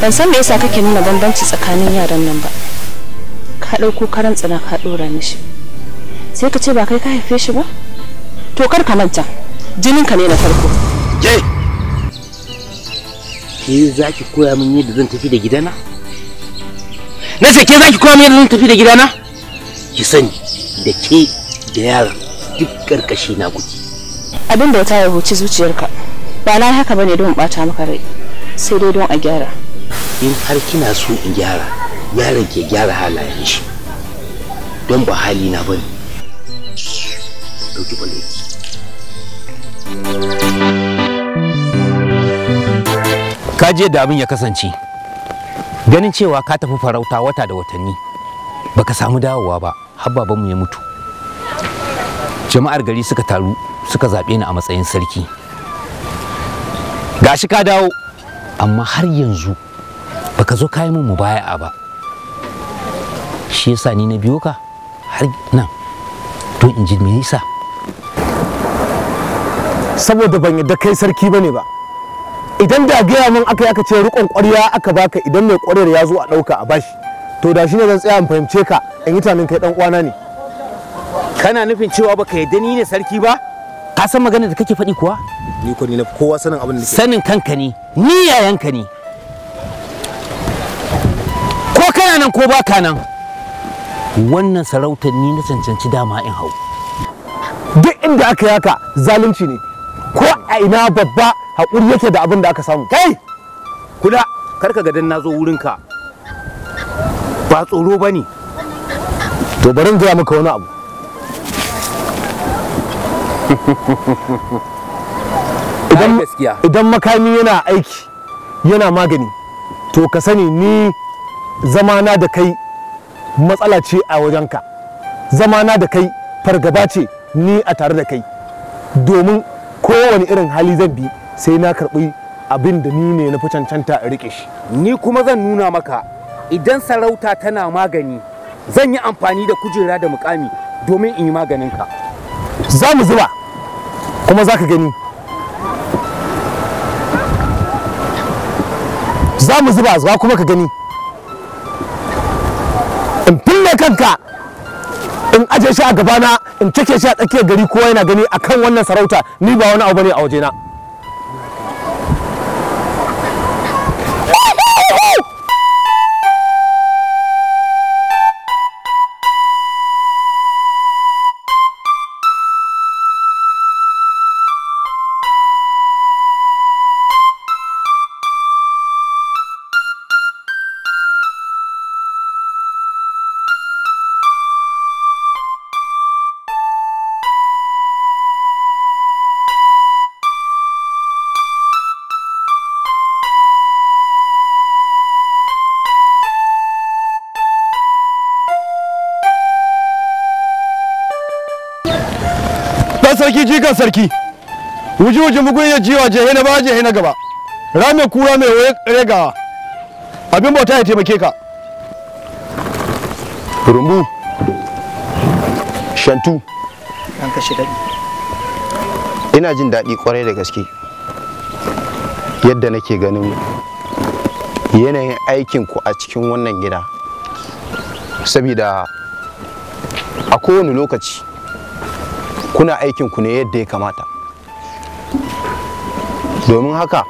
ban san me yasa kake nuna bambanci tsakanin yaran nan ba ka ɗauko karan tsana ka ɗora mishi sai ka ce ba kai ka haife shi ba to kar ka manta jinin ka ne na farko ke ke za ki koya min yadda zan tafi da gidana na ce ke za ki koya min yadda zan tafi da gidana ki sani da ke da yaran duk karkashi na kuke abin wata ya huci zuciyarka ba na haka bane don bata maka rai sai dai don a gyara in har kina so in gyara yaron ke gyara halayen shi don ba hali na bane dauki ka je da abin ya kasance ganin cewa ka tafi farauta wata da watanni baka samu dawowa ba har mu ya mutu jama'ar gari suka taru suka zaɓe ni a matsayin sarki gashi ka dawo amma har yanzu baka zo kayi mun mubaya'a ba shi yasa ni na biyo ka har nan don in ji me yasa saboda ban yadda kai sarki bane ba idan da gaya min aka yaka aka ce rikon ƙwarya aka baka idan mai ƙwaryar ya zo a ɗauka a bashi to da shi ne zan tsaya in fahimce ka in yi tamin kai ɗan uwana ne kana nufin cewa baka yadda ni ne sarki ba ka san magana da kake faɗi kuwa ni ko ni na kowa sanin abin da sanin kanka ne ni yayanka ne kana nan ko baka nan wannan sarautar ni na cancanci dama in hau duk inda aka yi haka zalunci ne ko a ina babba hakuri yake da abin da aka samu kai kula karka ga dan na zo wurinka ba tsoro ba ne to bari gaya maka wani abu idan makami yana aiki yana magani to ka sani ni zamana da kai matsala ce a wajenka zamana da kai fargaba ce ni a tare da kai domin kowane irin hali zan bi sai na karɓi abin da ni ne na fi cancanta a riƙe shi ni kuma zan nuna maka idan sarauta tana magani zan yi amfani da kujera da mukami domin in yi maganinka za mu zuba kuma za ka gani za mu zuba za kuma ka gani in fille kanka in aje shi a gabana in cike shi a tsakiyar gari kowa yana gani akan wannan sarauta ni ba wani abu bane a wajena Allah sarki wuji wuji mugun ya jiwa jehe na ba jehe na gaba rame kura mai regawa abin bauta ya taimake ka rumbu shantu an kashe daɗi ina jin daɗi kwarai da gaske yadda nake ganin yanayin aikin ku a cikin wannan gida saboda a kowane lokaci kuna aikin ku ne yadda ya kamata domin haka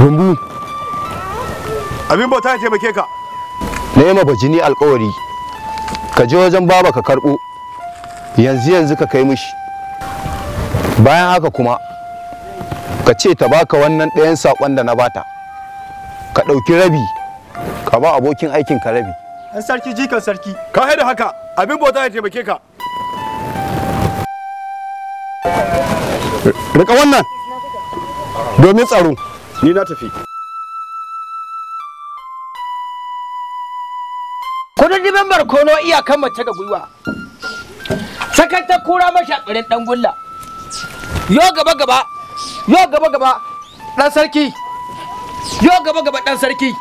rumbu abin bauta ya taimake ka nema bajini alkawari ka je wajen baba ka karbo yanzu yanzu ka kai mishi bayan haka kuma ka ce ta baka wannan ɗayan saƙon da na bata ka ɗauki rabi ka ba abokin aikin ka rabi an sarki jikan sarki ka da haka abin bauta ya taimake ka rika wannan domin tsaro ni na tafi kudin diban barkono iyakan mace da gwiwa sakar ta kura mashaƙirin ɗan gulla yo gaba gaba yo gaba gaba ɗan sarki yo gaba gaba ɗan sarki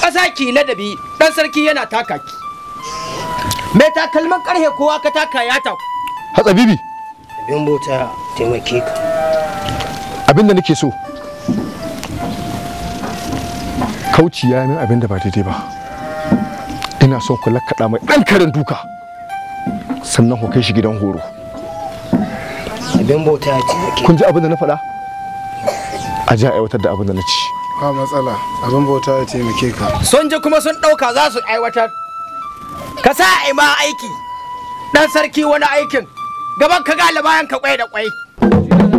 ƙasa ki ladabi ɗan sarki yana taka ki mai takalman ƙarhe kowa ka taka ya Hatsa bibi. abin bota taimake ka abinda nake so kauci ya min abinda ba daidai ba ina so ku lakkaɗa mai ɗan karin duka sannan ku kai shi gidan horo abin bauta ya ce kun ji abin da na faɗa a ji a aiwatar da abin da na ci ba matsala abin bauta ya taimake ka sun ji kuma sun ɗauka za su aiwatar ka sa a ma aiki ɗan sarki wani aikin gaban ka labayan ka kwai da kwai Thank you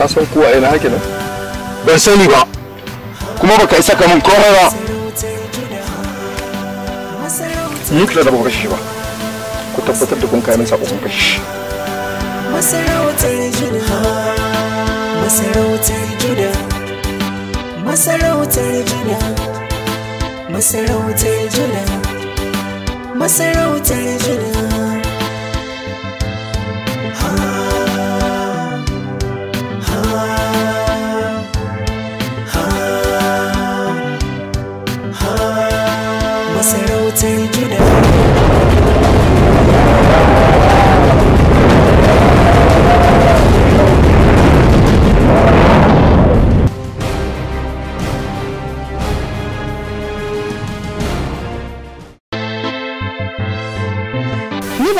ka san kowa yana hake nan ban sani ba kuma baka isa ka min komai ba ni kula da ba kashe ba ku tabbatar da kun kai min sako kun kashe masarautar gida masarautar gida masarautar gida masarautar gida masarautar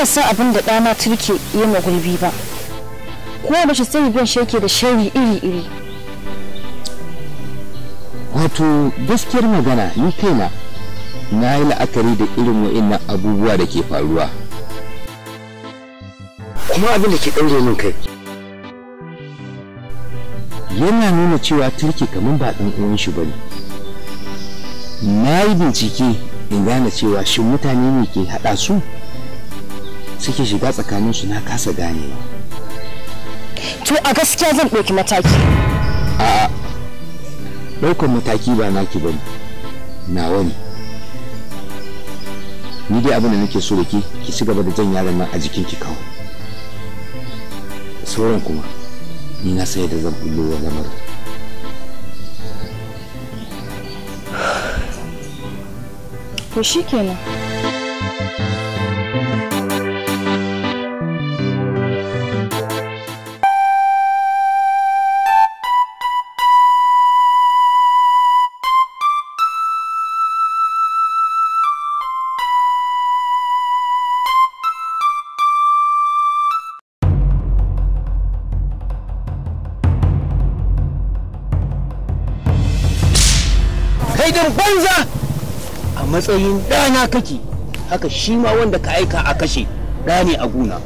ba sa abin da ɗana turke ya magulbi ba ko ba shi sai biyan da shari iri-iri wato gaskiyar magana ni kaina na yi la'akari da irin wa'innan abubuwa da ke faruwa kuma abin da ke ɗaure min kai yana nuna cewa turki kamar ba ɗan uwan shi bane na yi bincike in gane cewa shin mutane ne ke haɗa su suke shiga tsakanin su na kasa ganewa to a gaskiya zan ɗauki mataki a'a ɗaukar mataki ba naki ba nawa ne ni dai abin da nake so da ke ki ci gaba da jan yaron nan a jikin ki kawo sauran kuma ni na sai da zan bullo wa Ko shi kenan. haidin banza a matsayin dana kake haka shi ma wanda ka aika a kashe ɗa ne a gona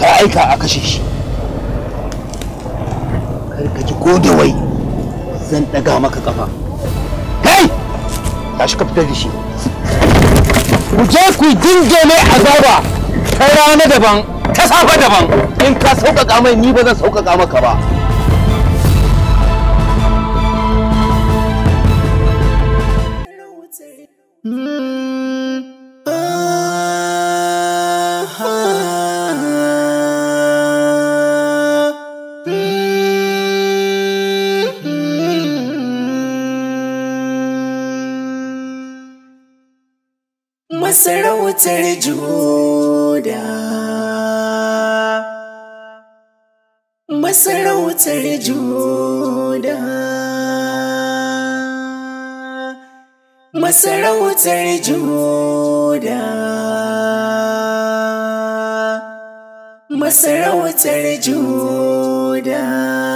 ka aika a kashe shi kar ka ji wai zan ɗaga maka ƙafa kai tashi ka fitar da shi ku je ku dinge mai azaba ta rana daban ta safa daban in ka sauƙaƙa mai ni ba zan sauƙaƙa maka ba sarautar juda masarautar juda masarautar juda masarautar juda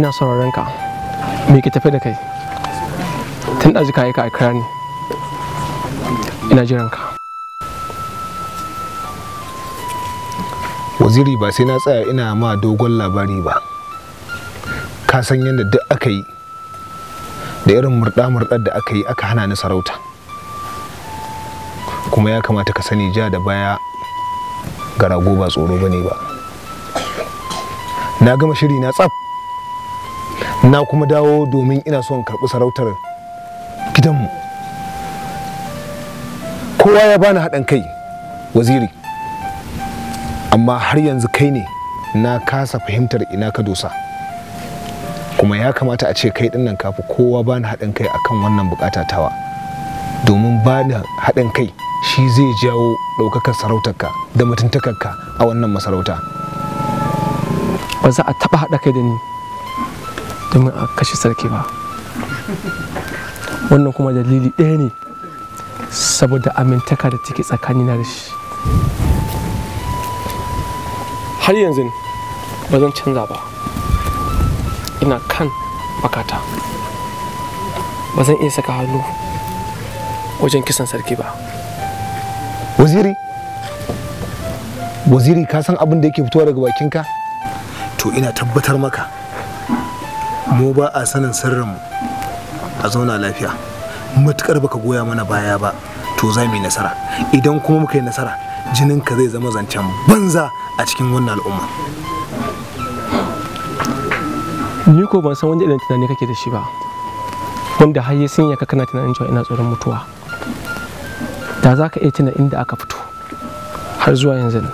ina sauraron ka me ke tafi da kai tun ɗazu ka yi ka aikira ne ina jiran ka waziri ba sai na tsaya ina ma dogon labari ba ka san yadda duk aka yi da irin murɗa-murɗar da aka yi aka hana ni sarauta kuma ya kamata ka sani ja da baya ga rago ba tsoro ba ne ba na gama shiri na tsaf na kuma dawo domin ina son karɓi sarautar gidanmu kowa ya bani haɗin kai waziri amma har yanzu kai ne na kasa fahimtar ina ka dosa kuma ya kamata a ce kai nan kafi kowa bani haɗin kai akan wannan bukata tawa domin bani haɗin kai shi zai jawo ɗaukakar sarautarka da mutuntakarka a wannan masarauta ba za a taɓa haɗa kai da ni domin a kashe sarki ba wannan kuma dalili ɗaya ne saboda amintaka da take tsakani na da shi har yanzu ba zan canza ba ina kan bakata ba zan iya saka hannu wajen kisan sarki ba waziri waziri ka san abin da yake fitowa daga bakinka to ina tabbatar maka mu ba a sanin sirrinmu a zauna lafiya matukar baka goya mana baya ba to za mu yi nasara idan kuma muka yi nasara ka zai zama zancen banza a cikin wannan al'umma ni ko ban san wanda irin tunani kake da shi ba wanda har ya sanya ka kana tunanin cewa ina tsoron mutuwa da za ka iya tuna inda aka fito har zuwa yanzu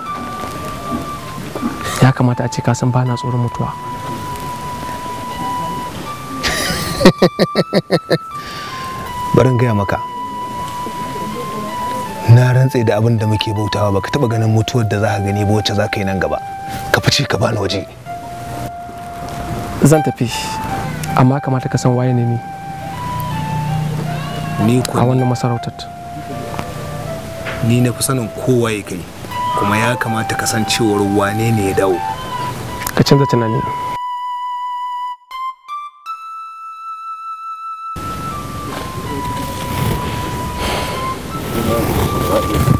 ya kamata a ce ka san ba na tsoron mutuwa barin gaya maka na rantse da abin da muke bautawa baka taba ganin mutuwar da za ka gani ba wacce za ka yi nan gaba ka fice ka bani waje zan tafi amma kamata ka san waye ne ni ni a wannan masarautar ni na fi sanin kowa ya kai kuma ya kamata ka san cewar wane ne ya dawo ka canza tunani Right here.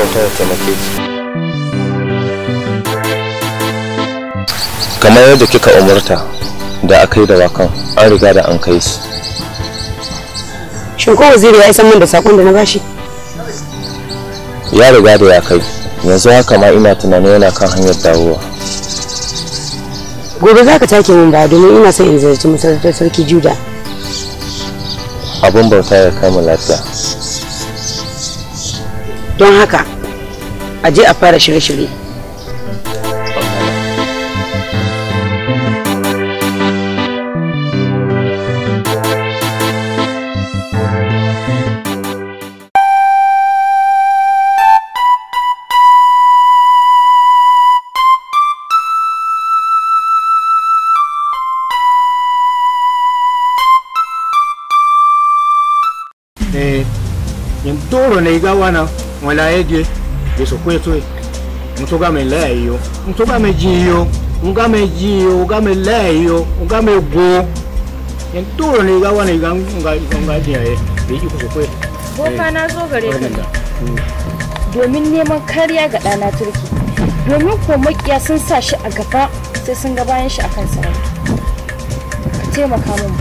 kyauta ya taimake kamar yadda kika umarta da aka yi dawakan an riga da an kai su shin ko waziri ya yi min da sakon da na bashi ya riga da ya kai yanzu haka ma ina tunanin yana kan hanyar dawowa gobe za ka take min ba domin ina son in ziyarci masarautar sarki juda abin bauta ya kama lafiya don haka a je a fara shirye-shirye Eh, yang toro na igawa na mwela edye yesu kwetwe mutugamileyo mutugamejiyo ungamejiyo ugameleyo ugamego entulo nigawana ngadiyaye beji kusa kwetwe boka na zo gare ka domin neman kariya ga ɗana turki domin ko makiya sun sa shi a gaba sai sun ga bayan shi akan sarari ka taimaka min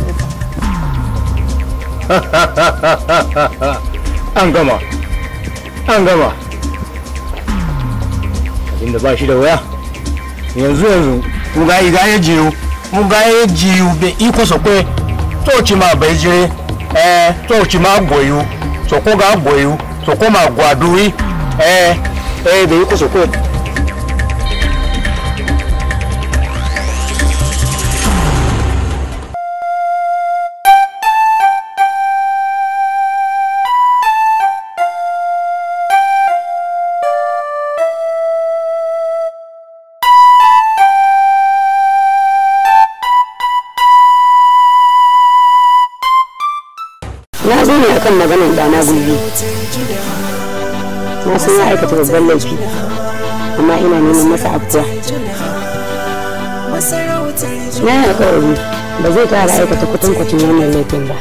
ha an gama an gama abin da ba shi da waya yanzu yanzu mu ga iga ya jiyo mu ga ya jiyo da iko sokwe to ci ma bai jire eh to ci ma goyu soko ga goyu soko ma gwaduri eh eh da iko sokwe zo ne akan maganar dana gobe na sun ya aikata babban laifi amma ina neman masa abuwa na yi alkawari ba zai kara aikata kwacin wannan laifin ba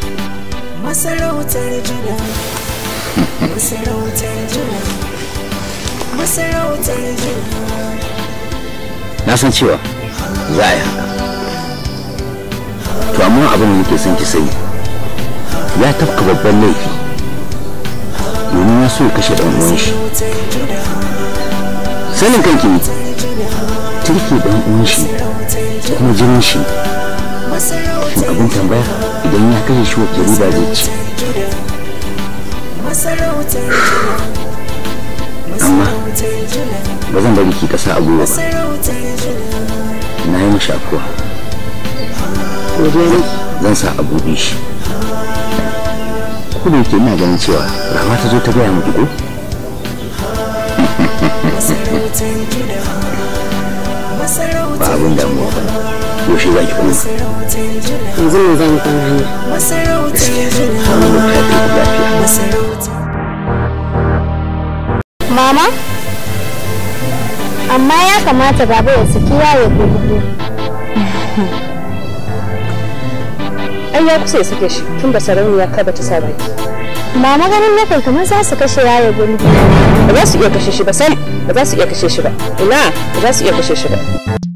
na san cewa za a yi haka to amma abin da nake son ki sai ya tafka babban laifi domin ya so ya kashe dan uwan shi sanin kanki ne tirki dan uwan shi kuma jinin shi shin abin tambaya idan ya kashe shi wa jarida zai ci amma ba zan bari ki kasa a gowa ba na yi mashi akuwa zan sa a shi ko da ina ganin cewa rama ta zo ta gaya miki ko ba mama amma ya kamata gaba ya saki yawo gobe ai ya kusa ya sake shi tun ba sarauniya ka ba ta sa baki ba na kai kamar za su kashe yaya guri ba za su iya kashe shi ba sam ba za su iya kashe shi ba ina ba za su iya kashe shi ba